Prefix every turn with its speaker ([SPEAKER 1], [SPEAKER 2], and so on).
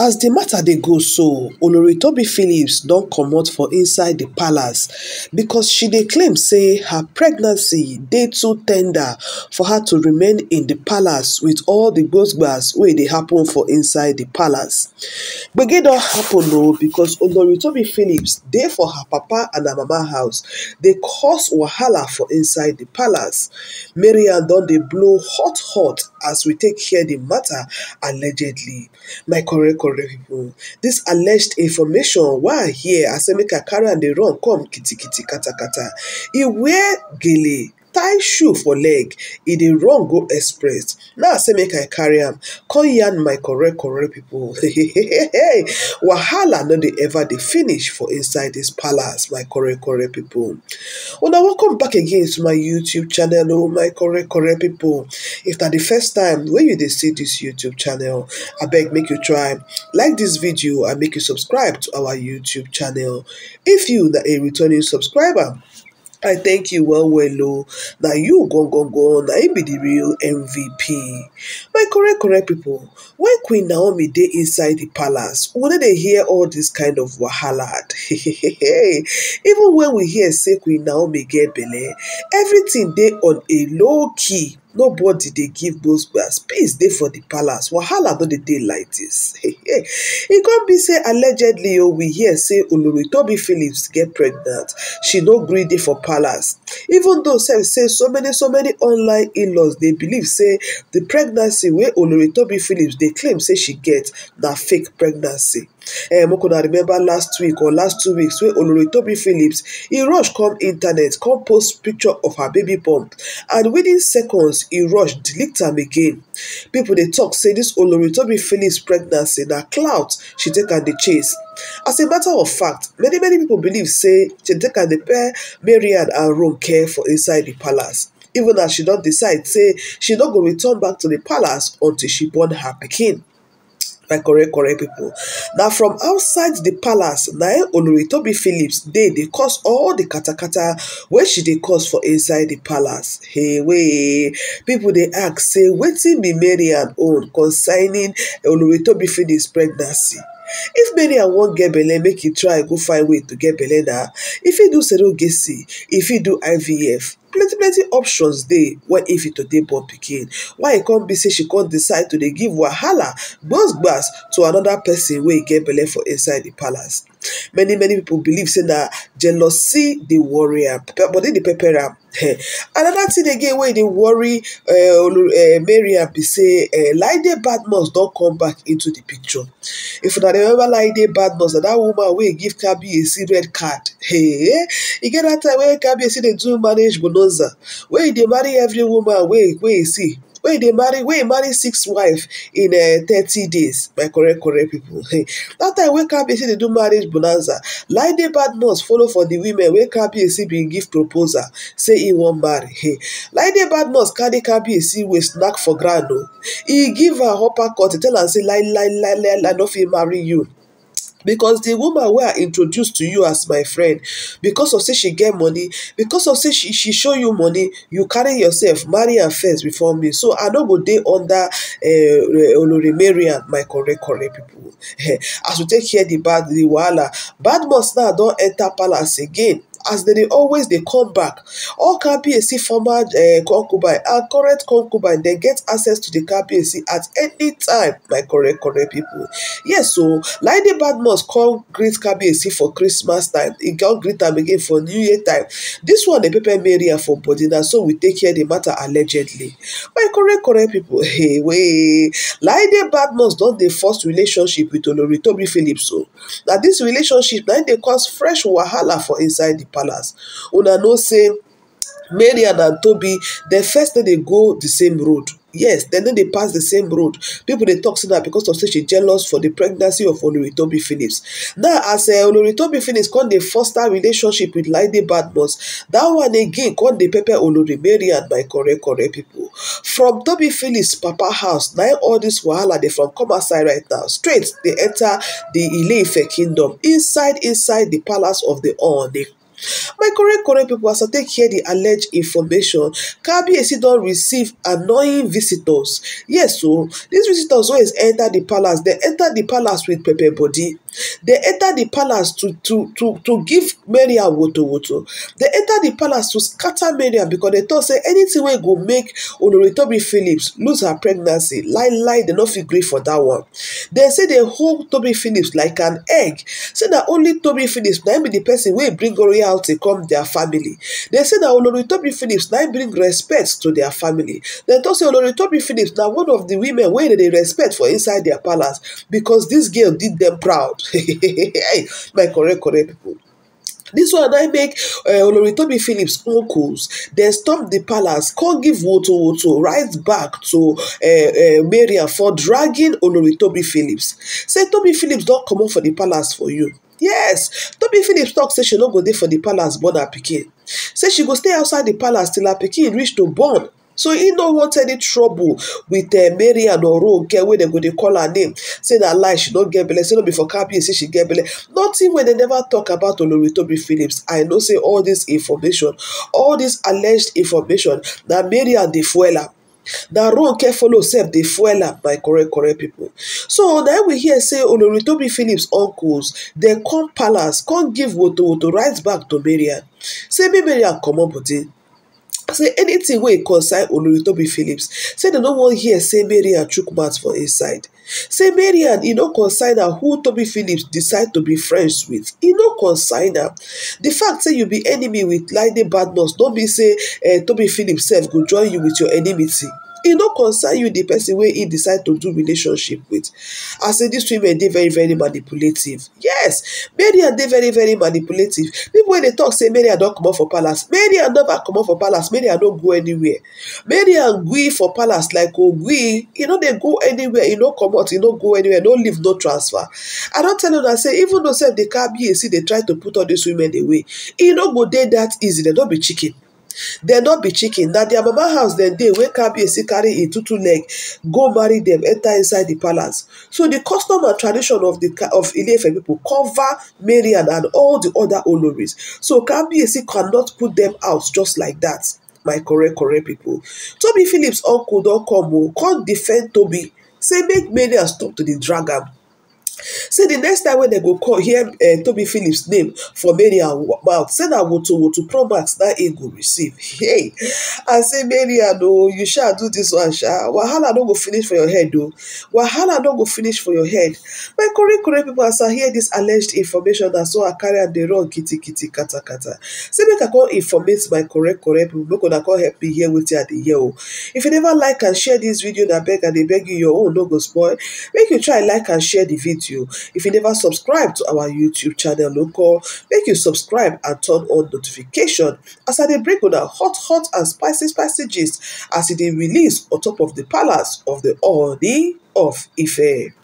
[SPEAKER 1] as the matter they go so olori toby phillips come out for inside the palace because she dey claim say her pregnancy dey too tender for her to remain in the palace with all ghost gbas where they happen for inside the palace But don't happen no because olori toby phillips dey for her papa and her mama house They cause wahala for inside the palace marian don dey blow hot hot as we take care the matter allegedly my correct correct pipo dis alleged information wey i hear as emeka carry and dey run come kitikiti katakata e wear gele tie shoe for leg e dey run go express now i say make i carry am come yarn my correct correct people. wahala no dey ever dey finish for inside this palace my correct correct pipo una welcome back again to my youtube channel o oh, my correct correct people, if na the first time when you dey see this youtube channel I beg make you try like this video and make you subscribe to our youtube channel if you na a returning subscriber I thank you well, well, oh. That you gone, gone, gone. That you be the real MVP. My correct, correct people. When Queen Naomi day inside the palace, when they hear all this kind of wahala? Even when we hear say Queen Naomi get belle, everything dey on a low key nobody dey give gbasgbas space dey for di palace wahala no dey dey like dis e come be say allegedly Oh, we hear say olori tobi phillips get pregnant she no gree dey for palace even though sef say so many so many online in-laws dey believe say di pregnancy wey olori phillips dey claim say she get na fake pregnancy eh, make una remember last week or last two weeks wey oloritobi phillips e rush come internet come post picture of her baby bump and within seconds e rush delete am again People dey talk say dis oloritobi phillips pregnancy na clout she take am dey chase As a matter of fact, many many people believe say Chedeka the pair Marian and care for inside the palace. Even as she don decide say she not gonna return back to the palace until she born her pikin. my correct correct people. Now from outside the palace na e oloritobi phillips they they cause all the katakata where she they cause for inside the palace hey way people they ask say wetin be Mary marian own concerning oloritobi phillips pregnancy if many mariam wan get belle make you try go find way to get belle na e fit do surrogacy if you do ivf plenty plenty options dey when ifi to dey born pikin why e come be say she come decide to dey give wahala gbas gbas to another person wey get belle for inside the palace many many people believe say na jealousy dey worry am body dey pepper am another thing again wey e dey worry eh, eh, mariam be say eh, laide badmus don come back into the picture if una remember laide badmus na that woman wey give Kabi a red card hey e get dat time wey kabiyesi dey do marriage bonanza wey e dey marry every woman wey e see wey dey marry wey marry six wife in eh, thirty days my correct correct people. That time wey kabiyesi dey do marriage bonanza laide badmus follow for the women wey kabiyesi bin give proposal say e wan marry laide badmus carry kabiyesi wey snack for ground o oh. he give her uppercut tell am say lai lai lai lai i no fit marry you because the woman wey i introduce to you as my friend because of say she get money because of say she she show you money you carry yourself marry am first before me so i no go dey under uh, eh, olorimarian my correct correct people as we take hear the bad the wahala badmus now don enter palace again as they dey always dey come back all kabiyesi former eh, uh, concubine and current concubine dem get access to di kabiyesi at any time my correct correct people. yes so laide badmus come greet kabiyesi for christmas time e come greet am again for new year time This one dey pepper mary for body na so we take hear the matter allegedly my correct correct people, hey wey laide badmus don dey first relationship with olori tobi phillips o na this relationship na im dey cause fresh wahala for inside the palace una know say Mary and Toby. The first day they go the same road yes then no dey pass the same road People they talk to that because of such a jealous for the pregnancy of Toby phillips now as eh, Toby phillips come the foster relationship with laide badmus That one again come dey pepper olori and my correct correct people from Toby phillips papa house Now all this wahala they from come outside right now straight they enter the ileife kingdom inside inside the palace of the ooni My correct, correct people, as I take here the alleged information, Kabiyesi don receive annoying visitors. Yes, so these visitors always enter the palace. They enter the palace with paper body. They enter the palace to to to to give Mariam woto woto. They enter the palace to scatter Mariam because they thought say anything will go make Olori Phillips lose her pregnancy. Lie lie, they not fit for that one. They say they hold Toby Phillips like an egg. Say that only Toby Phillips na be the person will bring Gloria royalty come their family. They say that Toby Phillips now bring respect to their family. They also say Toby Phillips now one of the women where they respect for inside their palace because this girl did them proud. My correct, correct people. This one I make eh, Toby phillips uncles They storm the palace come give woto woto rise back to eh, eh, Maria for dragging Toby phillips say Toby phillips don't come for the palace for you yes Toby phillips tok say she no go dey for di palace born her pikin say she go stay outside di palace till her pikin reach to born so e no want any trouble wit eh, marian or ronke wey dem go dey call her name say na lie she don get belle say no be for cabbie say she get belle nothing wey dem never talk about olori tobi phillips i know say all this information all this alleged information na marian dey fuel am that road care follow sef dey fuel am by correct correct pipo so na we hear say oloritobi phillips uncles dem come palace come give woto woto right back to marian say make marian comot body say anytin wey concern oloritobi phillips say dem no wan hear say marian chook mouth for inside say marian e no consign her who toby phillips decide to be friends with e no consign her. The fact say you be enemy with laide badmus no mean say eh, toby phillips sef go join you with your enmity e no concern you the person wey e decide to do relationship with i say dis women dey very very manipulative yes maria dey very very manipulative People wey dey talk say maria don comot for palace maria never comot for palace maria no go anywhere maria gree for palace like ogui e no dey go anywhere e no comot e no go anywhere no leave no transfer i don tell una say even though sef here See dey try to put all these women away e no go dey that easy dem no be chicken dem no be chicken na dia mama house dem dey wey kabiyesi carry im tutu leg go marry dem enter inside di palace so di custom and tradition of di of ilefe pipo cover marian and all di oda oloris so kabiyesi cannot put dem out just like dat my correct correct pipo Toby phillips uncle don come o come defend Toby. say make marian stop to dey drag am say the next time wey dem go call hear eh, toby phillips name for mary mouth say na woto woto promax na im go receive hey I say mary o you sha do dis one sha wahala no go finish for your head o oh. wahala no go finish for your head my korekore pipo as i hear dis alleged information na so i carry am dey run kitikiti katakata say make i come informate my korekore pipo make una come help me hear wetin i dey hear o oh. if you never like and share dis video na beg i dey beg you your own no go spoil make you try like and share di video If you never subscribe to our YouTube channel local, make you subscribe and turn on notification as I dey bring a hot hot and spicy spicy gist as it e is released on top of the palace of the Ooni of Ife.